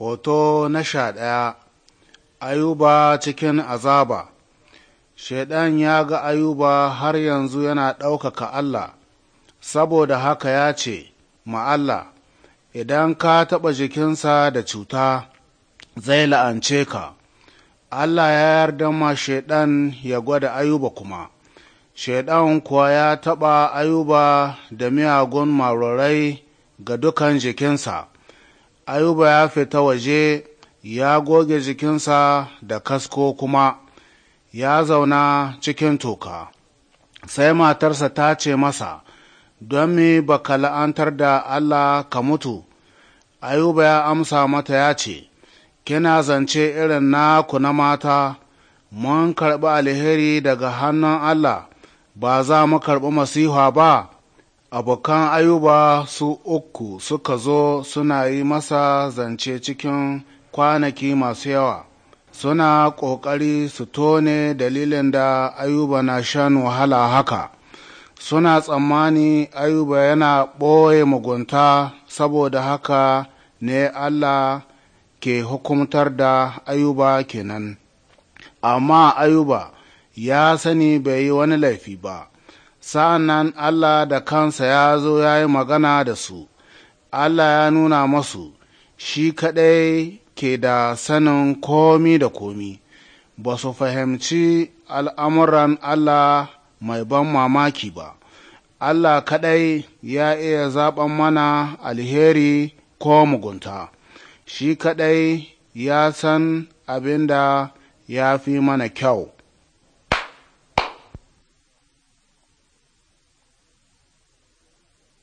Hoto na sha ɗaya Ayuba cikin azaba Shaiɗan ya ga Ayuba har yanzu yana ɗaukaka Allah, saboda haka ya ce, Ma idan ka taɓa jikinsa da cuta, zai la'ance ka. Allah ya yarda ma Shaiɗan ya gwada Ayuba kuma. Shaiɗan kuwa ya taɓa Ayuba da miyagun marorai ga dukan jikinsa, ayuba ya fita waje ya goge jikinsa da kasko kuma ya zauna cikin toka sai matarsa ta ce masa don mi baka la'antar da allah ka mutu ayuba ya amsa mata ya ce kina zance irin naku na mata mun karɓi alheri daga hannun allah ba za mu karɓi masiha ba abokan ayuba su uku suka zo suna yi masa zance cikin kwanaki masu yawa suna ƙoƙari su tone dalilin da ayuba na shan wahala haka suna tsammani ayuba yana ɓoye mugunta saboda haka ne allah ke hukumtar da ayuba kenan amma ayuba ya sani bai yi wani laifi ba sa'an nan Allah da kansa ya zo ya yi magana da su, Allah ya nuna masu shi kaɗai ke da sanin komi da komi, ba su fahimci al'amuran Allah mai ban mamaki ba, Allah kaɗai ya iya zaɓen mana alheri ko mugunta, shi kaɗai ya san abin da ya fi mana kyau.